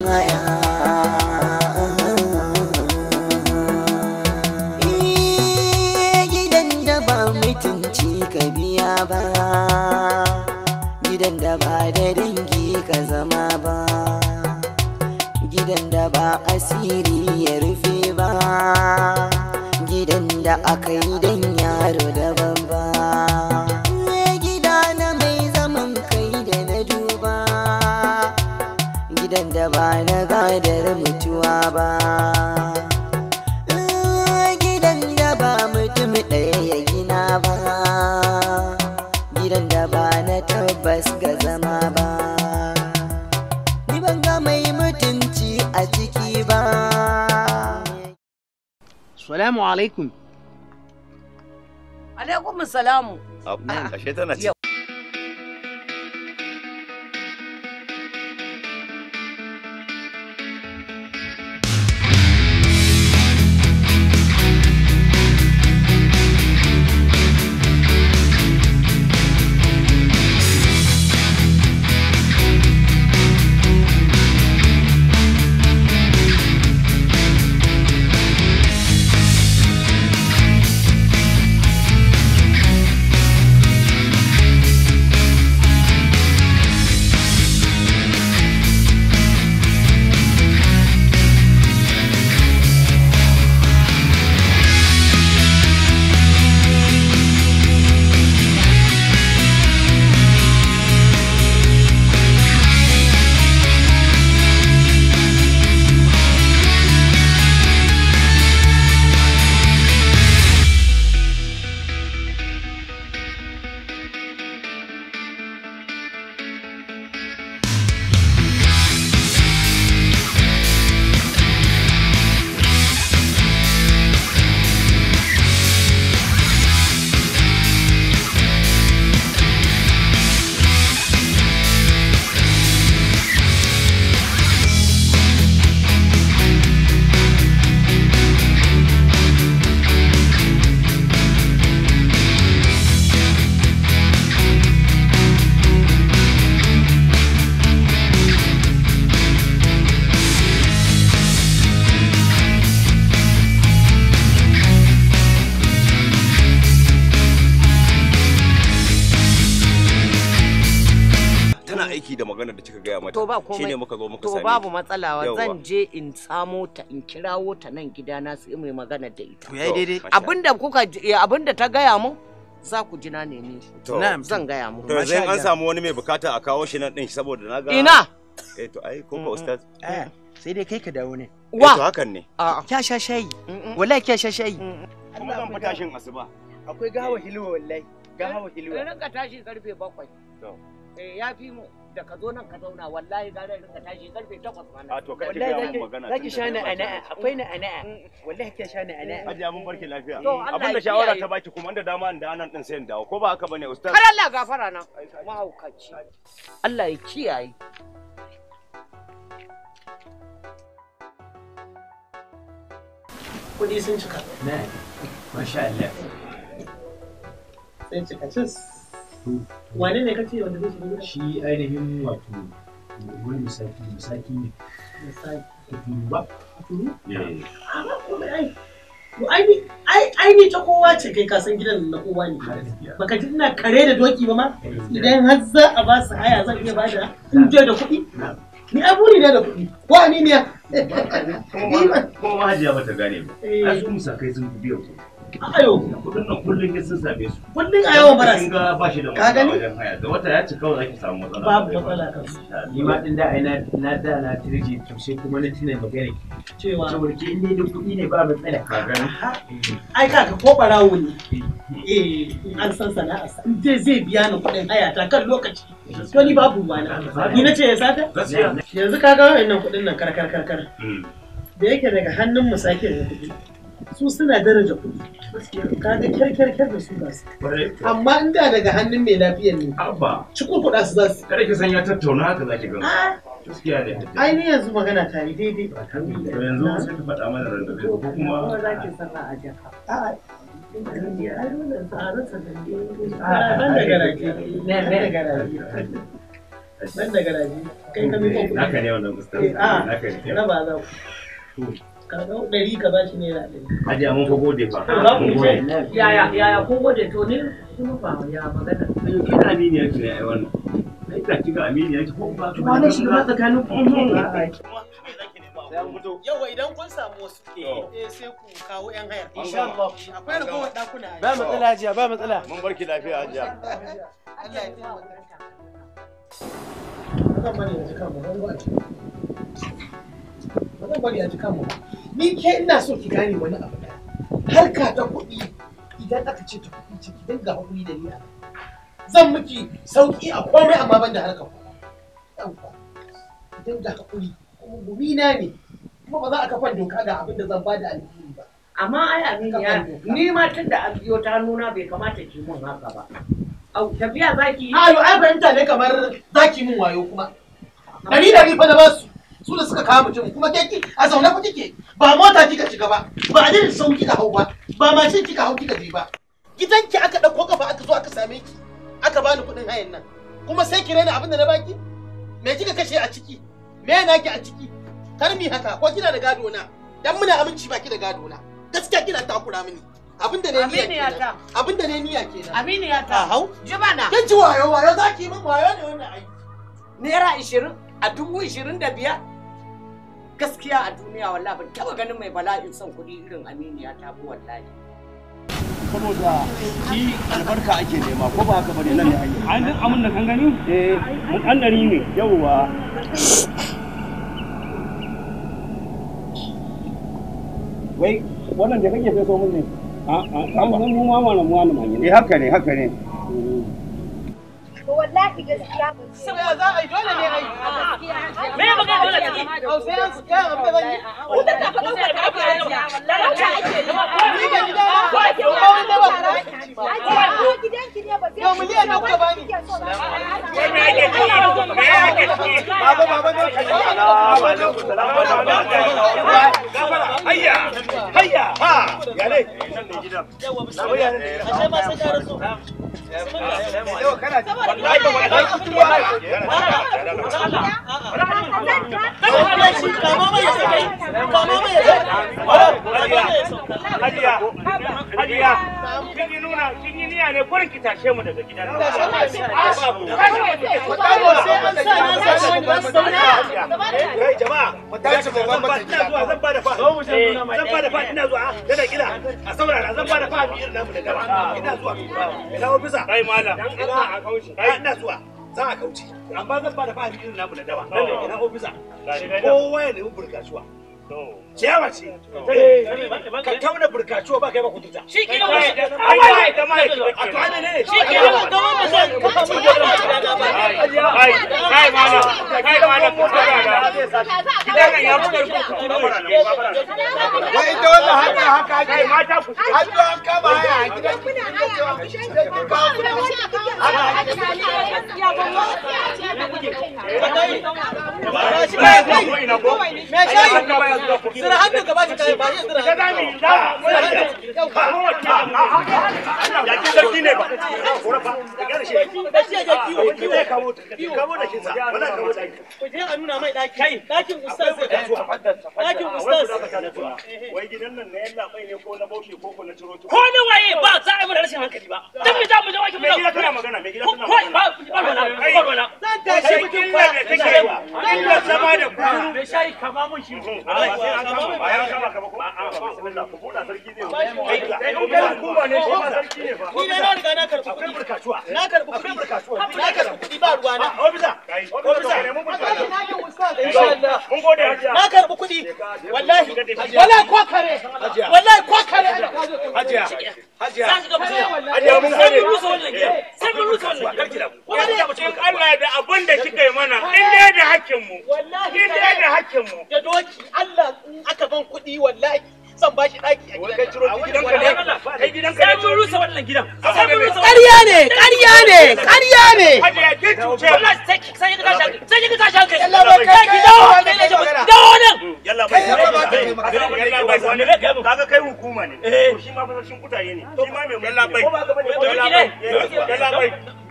Gidan da ba mutunci ka biya ba, gidan da ba da dangi ka zama ba, gidan da ba asiri ya rufe ba, gidan da aka yi ga zama ba ni ban ga mai a ciki ba salamu alaikum alaikum salamu nan ah, ashe tana ka gaya mata to ba komai shine muka zo muka same to babu matsala wa zan je in samo ta in kirawo ta nan gida na su mai magana da ita to yayi daidai abinda kuka eh, abinda ta gaya mu za ku jina ne ni shi zan gaya mu to zan an samu wani mai bukata a kawo shi nan din saboda na ga ina eh to ai ko ka ustaz eh sai dai kai ka dawo ne eh, wa to hakan ne kya sha shayi wallahi kya sha shayi kuma zan fita shin asuba akwai gawa hilwa wallahi gawa eh, hilwa ranka tashi karfe 7 to eh ya fi mu da ka zo nan ka zauna wallahi gara ka tashi karfe a to kai magana zaki sha ni ana'a akwai ni ana'a wallahi sha ni ana'a abun barki lafiya abin da shawara ta baki kuma inda dama inda anan din sai in dawo ko ba haka bane ustaz kar Allah gafara na mahaukaci Allah ya kiyaye kudi sun cika ne masha Allah sun cika wane ne kace wanda zai shiga gidan shi ainihin wato wani misaki misaki ne misaki ba ai ni ta kowa ce kai kasan gidan na kowa ne baka ji ina kare da doki ba ma idan har za a ba su haya zan iya bada in je da kuɗi ni abu ne da kuɗi wa ni ne kuma ba ta gane ba eh. ai su musakai sun biya kuɗi A'a kudin nan kullum ya sun same su kullum a bara ga ba shi da matsala wajen haya da wata ya zaki samu matsala babu matsala kansu ni ma din da ai na na da na kuma na magana cewa saboda ke inda da kuɗi ne ba matsala ka ai ko barawo ne eh, eh an san sana'a zai biya ni kuɗin haya ta kan lokaci to ni babu wani ni nace ya sata yanzu kaga wannan kuɗin nan karkar karkar hmm. da yake daga hannun musakin da kuɗi su suna daraja kuɗi ka ga kyar-kyar-kyar da su ba su amma inda daga hannun mai lafiyar ne abba Ciko kuɗa su za su kada ki san tattauna haka zaki ga gaskiya ai ni yanzu magana ta yi daidai to yanzu sai ka faɗa mana rarrabe ko kuma za ki a jaka da kai ka mi kuɗi. Naka ne wannan Naka ne. Na ba za ku. karɓar ɗari ka ba shi naira ɗari. Aji mun fa gode fa. Za ku ce yaya yaya kun gode to ne kuma ba ya magana. Ina aminiya ki ne ai wannan. Ina kika aminiya ki ko ba. Ba ne shi ba tsakanin ku. Yawa idan kun samu wasu eh, sai ku kawo hayar. Insha Allah. Akwai ɗakuna. Ba matsala ba matsala. Mun barki lafiya Allah ya taimaka. Kan bari ya kan mu, ba a ci. Ba bari kan mu. ni ke ina so ki gane wani abu da harka ta kuɗi idan aka ce ta kuɗi ce ki dinga haƙuri da ni a zan miki sauƙi a komai amma ban da harkar kuɗi yawwa ki dinga haƙuri kuma gumi na ne kuma ba za a kafan doka ga abin da zan da alheri ba amma ai amini ya ni ma tun da an biyo ta nuna bai kamata ki mun haka ba au tafiya zaki a yo ai fahimta ne kamar zaki mun wayo kuma dari dari fa da basu su da suka kawo mutum kuma keke a zaune ku kike ba mota kika shiga ba ba adin sauki da hau ba ba mashin kika hau kika je ba gidanki aka dauko kafa aka zo aka same ki aka bani kuɗin hayan nan kuma sai ki raina abin da na baki me kika kashe a ciki me yana ki a ciki kar mi haka ko kina da gado na dan muna aminci ba ki da gado na gaskiya kina takura mini abin da ne niyya kenan abin da ne niyya kenan amini ya ta hau jibana kin ji wayo wayo zaki min wayo ne wannan ai naira 20 a dubu 25 gaskiya a duniya wallahi ban taba ganin mai bala'in son kuɗi irin aminiya ta bi wallahi saboda ki albarka ake nema ko ba haka bane nan ne hanyar an duk da kan gani eh mun dari ne yawwa wai wannan da kake feso mun ne a a an mu ma wannan mu wannan eh haka ne haka ne wallahi gaskiya ba saboda za a yi dole ne ai me ya magana dole take au sai an suka an ba zan yi ta fa dauka ta ake wallahi ake yi ni ba gida na ko ake ba wanda ba ko gidan ki ne ba yau miliyan nawa ka bani me ake ci me ake ci baba baba ne ka yi na wannan kusalan wannan wannan gafara hayya hayya ha yare nan ne gidan yawa bismillah sai ka rasu yau kana ne kurin ki tashe ina A ina zuwa za a kauce amma zan ba da irin namu na dawa nan da ina ofisa kowa ya nemi burkasuwa ciyawa ce ka tauna burkaciwa ba kai ba shi ke da a to ne shi ke da wanda sai ka ci da mana mana ya fitar ne ita wannan hanya haka ake mata ku an kama haya a gidan ku ne ba ku da wani haka ya ba mu ya kai ba dai ba ba sira hannun ka ya ki ne ba kawo ta kamo da kisa wala kawo ta ku je a nuna mai daki dakin ustaz zai kasuwa dakin ustaz wai gidan nan na yalla mai ne ko na bauchi ko ko na ciro ko na waye ba za a yi mana rashin hankali ba dan mu za mu je wake mu gida kana magana me gida kana magana ba ba wala wala zan tashi mutum ko ne take yi ba zama da kuru me shayi kama mun shi Allah sai an kama ba ya kama kama ko a'a bismillah ku buda sarki zai kai kai hukuma ne shi ma sarki ne fa ni na riga na karbi kudi na karbi kudi na karbi kudi ni ba ruwa ah, na ofisa na karbi kuɗi wallahi wallahi ko kare wallahi ko kare hajiya hajiya hajiya mun gode sai mun rusa wannan karki da mu in Allah da abin da kika yi mana in dai da hakkin mu in dai da hakkin mu da doki Allah in aka ban kuɗi wallahi zan ba shi ɗaki a gidan ne kai ne sai rusa wannan gidan sai mun rusa ƙarya ne ƙarya ne ƙarya ne sai ki yalla ba kai ki dawo mm. yalla ba kai ba kaga kai hukuma ne eh. shi ma kutaye ne shi ma mai yalla yalla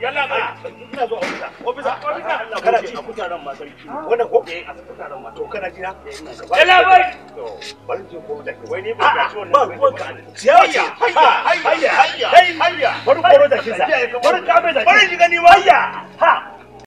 yalla ina zuwa ofisa ofisa ofisa kana ji a kuta ran ma sarki ah. wannan ko eh a kuta ran ma to kana eh, ji eh, na ina bai to bari ji ko da wai ne ba ci wannan ba ka ciyaya hayya hayya hayya bari ko da shi sa bari ka bai da bari ji gani ma hayya ha